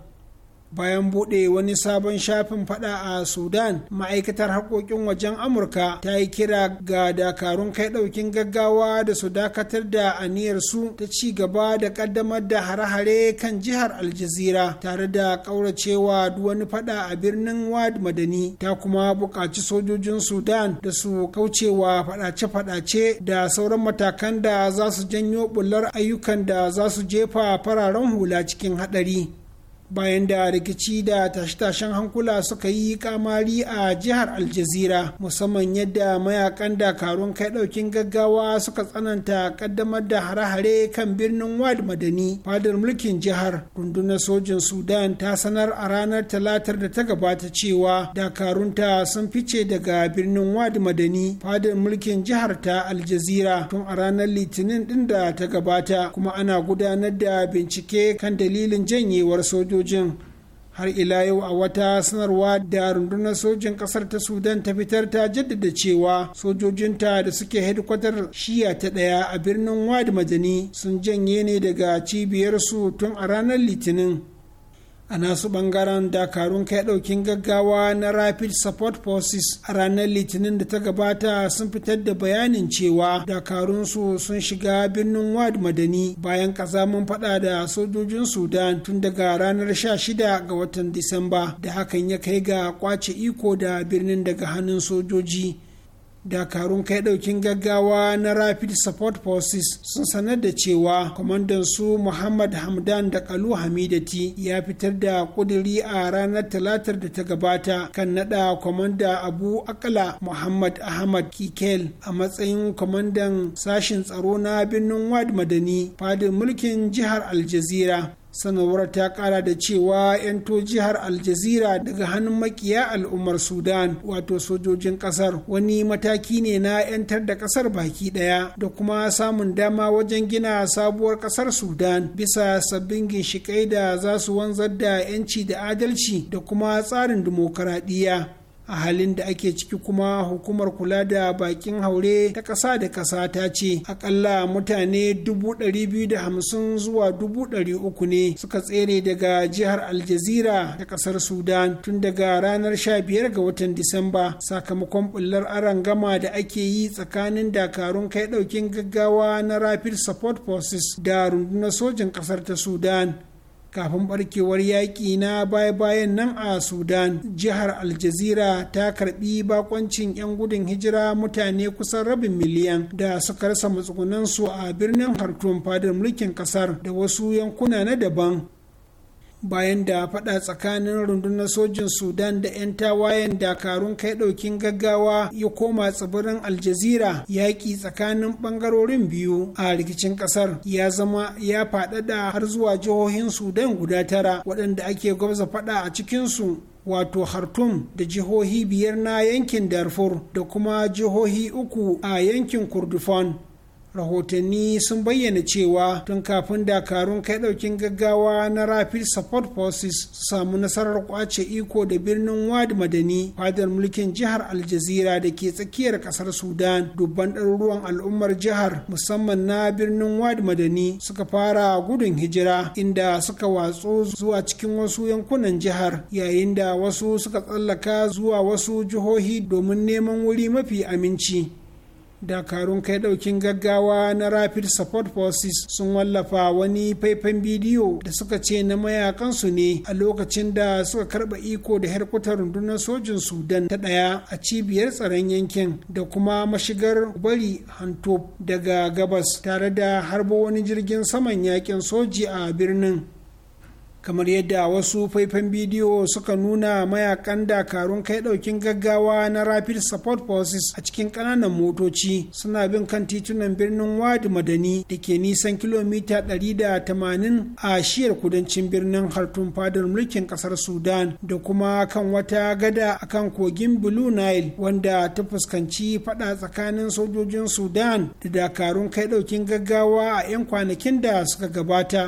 bayan buɗe wani sabon shafin fada a sudan ma'aikatar haƙoƙin wajen amurka ta yi kira ga dakarun kai ɗaukin gaggawa da su dakatar da aniyar su ta ci gaba da ƙaddamar da hare-hare kan jihar aljazira tare da ƙauracewa wani fada a birnin wad madani ta kuma buƙaci sojojin sudan da su kaucewa faɗace-faɗace da sauran matakan da za su janyo bullar ayyukan da za su jefa fararen hula cikin haɗari bayan da rikici da tashe-tashen hankula suka yi kamari a jihar aljazira musamman yadda mayakan dakarun kai daukin gaggawa suka tsananta kaddamar da hare-hare kan birnin wad madani fadar mulkin jihar rundunar sojin sudan ta sanar a ranar talatar da ta gabata cewa dakarunta sun fice daga birnin wad madani fadar mulkin jihar ta aljazira tun a ranar litinin din da ta gabata kuma ana gudanar da bincike kan dalilin janyewar sojin sojojin har ila yau a wata sanarwa da rundunar sojin kasar ta sudan ta fitar ta jaddada cewa sojojinta da suke hedkwatar shiya ta ɗaya a birnin wadi madani sun janye ne daga cibiyarsu tun a ranar litinin a nasu bangaren dakarun kai daukin gaggawa na rapid support forces a ranar litinin da ta gabata sun fitar da bayanin cewa dakarunsu sun shiga birnin wad madani bayan kazamin fada da sojojin sudan tun daga ranar 16 ga watan disamba da hakan ya kai ga kwace iko da birnin daga hannun sojoji dakarun kai daukin gaggawa na rapid support forces sun sanar da cewa kwamandan su muhammad hamdan da kalu hamidati ya fitar da kuduri a ranar talatar da ta gabata kan nada kwamanda abu akala muhammad ahmad kikel a matsayin kwamandan sashen tsaro na birnin wad madani fadin mulkin jihar aljazira sanarwar ta kara da cewa 'yanto jihar aljazira daga hannun makiya al'ummar sudan wato sojojin kasar wani mataki ne na 'yantar da kasar baki daya da kuma samun dama wajen gina sabuwar kasar sudan bisa sabbin ginshikai da za su wanzar da 'yanci da adalci da kuma tsarin dimokuraɗiyya a halin da ake ciki kuma hukumar kula da bakin haure ta ƙasa da ƙasa ta ce akalla mutane 250 zuwa 300 ne suka tsere daga jihar aljazira ta ƙasar sudan tun daga ranar 15 ga watan disamba sakamakon bullar aran gama da ake yi tsakanin dakarun kai ɗaukin gaggawa na rapid support forces da rundunar sojin ƙasar ta sudan kafin barkewar yaƙi na baya-bayan nan a sudan jihar aljazira ta karbi bakoncin 'yan gudun hijira mutane kusan rabin miliyan da suka rasa matsugunansu a birnin hartum fadar mulkin kasar da wasu yankuna na daban bayan da faɗa tsakanin rundunar sojin sudan da 'yan tawayen dakarun kai ɗaukin gaggawa ya koma tsibirin aljazira yaƙi tsakanin ɓangarorin biyu a rikicin ƙasar ya zama ya faɗaɗa har zuwa jihohin sudan guda tara waɗanda ake gwabza faɗa a cikinsu wato Khartoum da jihohi biyar na yankin Darfur da kuma jihohi uku a yankin Kurdufan. rahotanni sun bayyana cewa tun kafin dakarun kai daukin gaggawa na rapid support forces su samu nasarar kwace iko da birnin wad madani fadar mulkin jihar aljazira da ke tsakiyar kasar sudan dubban ɗaruruwan al'ummar jihar musamman na birnin wad madani suka fara gudun hijira inda suka watsu zuwa cikin wasu yankunan jihar yayin da wasu suka tsallaka zuwa wasu jihohi domin neman wuri mafi aminci dakarun kai daukin gaggawa na rapid support forces sun wallafa wani faifan bidiyo da suka ce na su ne a lokacin da suka karba iko da harkutar rundunar sojin sudan ta daya a cibiyar tsaron yankin da kuma mashigar bari hantop daga gabas tare da harbo wani jirgin saman yakin soji a birnin kamar yadda wasu faifan bidiyo suka nuna mayakan dakarun kai daukin gaggawa na rapid support forces a cikin kananan motoci suna bin kan titunan birnin wadi madani da ke nisan kilomita 180 a shiyar kudancin birnin hartun fadar mulkin kasar sudan da kuma kan wata gada a kan kogin blue nile wanda ta fuskanci fada tsakanin sojojin sudan da dakarun kai daukin gaggawa a 'yan kwanakin da suka gabata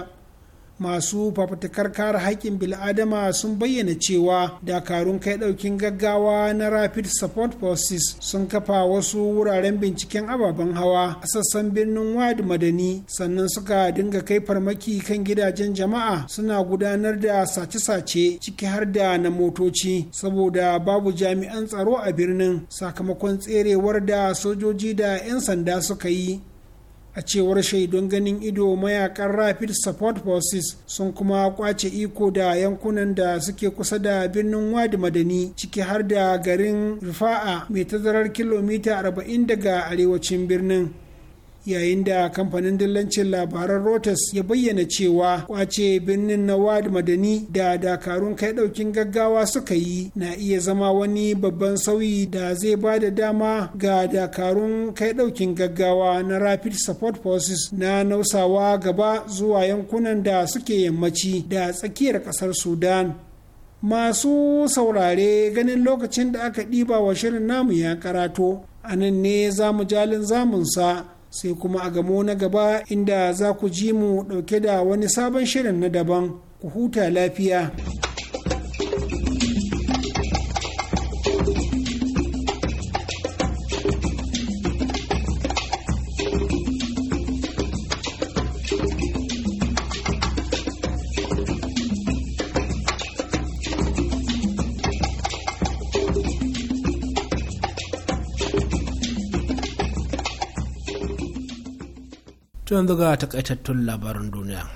masu fafatakar kare haƙƙin bil'adama sun bayyana cewa dakarun kai ɗaukin gaggawa na rapid support forces sun kafa wasu wuraren binciken ababen hawa a sassan birnin wadi madani sannan suka dinga kai farmaki kan gidajen jama'a suna gudanar da sace-sace ciki har da na motoci saboda babu jami'an tsaro a birnin sakamakon tserewar da sojoji da 'yan sanda suka yi a cewar shaidun ganin ido mayakan rapid support forces sun kuma kwace iko da yankunan da suke kusa da birnin wadi madani ciki har da garin rufa'a mai tazarar kilomita 40 daga arewacin birnin yayin da kamfanin dillancin labaran Reuters ya bayyana cewa kwace birnin na Nawad Madani da dakarun kai daukin gaggawa suka yi na iya zama wani babban sauyi da zai ba da dama ga dakarun kai daukin gaggawa na Rapid Support Forces na nausawa gaba zuwa yankunan da suke yammaci da tsakiyar kasar Sudan. masu saurare ganin lokacin da aka ɗiba wa shirin namu ya karato a nan ne zamu jalin zamunsa sai kuma a gamo na gaba inda za ku ji mu ɗauke da wani sabon shirin na daban ku huta lafiya. To yanzu ga takaitattun labaran duniya.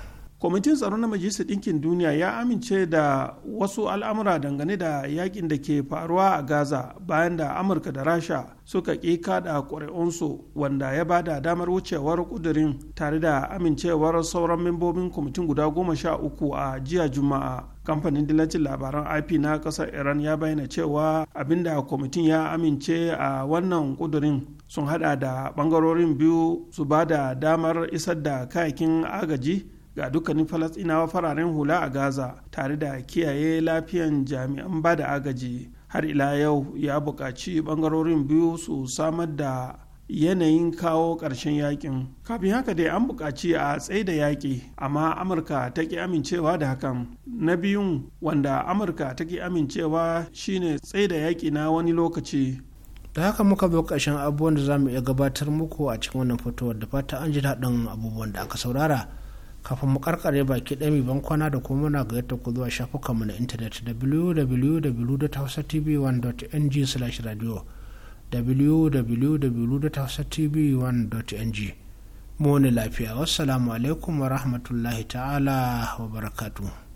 kwamitin tsaro na majalisar ɗinkin duniya ya amince da wasu al'amura dangane da yakin da ke faruwa a gaza bayan da amurka da rasha suka ƙi kada ƙuri'unsu wanda ya ba da damar wucewar ƙudurin tare da amincewar sauran membobin kwamitin guda goma sha uku a jiya juma'a kamfanin dillacin labaran ip na ƙasar iran ya bayyana cewa abinda kwamitin ya amince a wannan ƙudurin sun hada da ɓangarorin biyu su ba da damar isar da kayakin agaji ga dukkanin falasɗinawa fararen hula a gaza tare da kiyaye lafiyan jami'an ba da agaji har ila yau ya buƙaci ɓangarorin biyu su samar da yanayin kawo ƙarshen yakin kafin haka dai an buƙaci a tsaye da yaƙi amma amurka ta ƙi amincewa da hakan na biyun wanda amurka ta ƙi amincewa shine tsaye da yaƙi na wani lokaci da haka muka bi ƙarshen abubuwan da za mu iya gabatar muku a cikin wannan fitowar da fata an ji daɗin abubuwan da aka saurara kafin mu karkare baki ɗami ban kwana da kuma muna ga yadda ku zuwa shafukanmu na intanet www.hausatv1.ng slash radio www.hausatv1.ng mu wani lafiya wassalamu alaikum wa rahmatullahi ta'ala wa barakatu.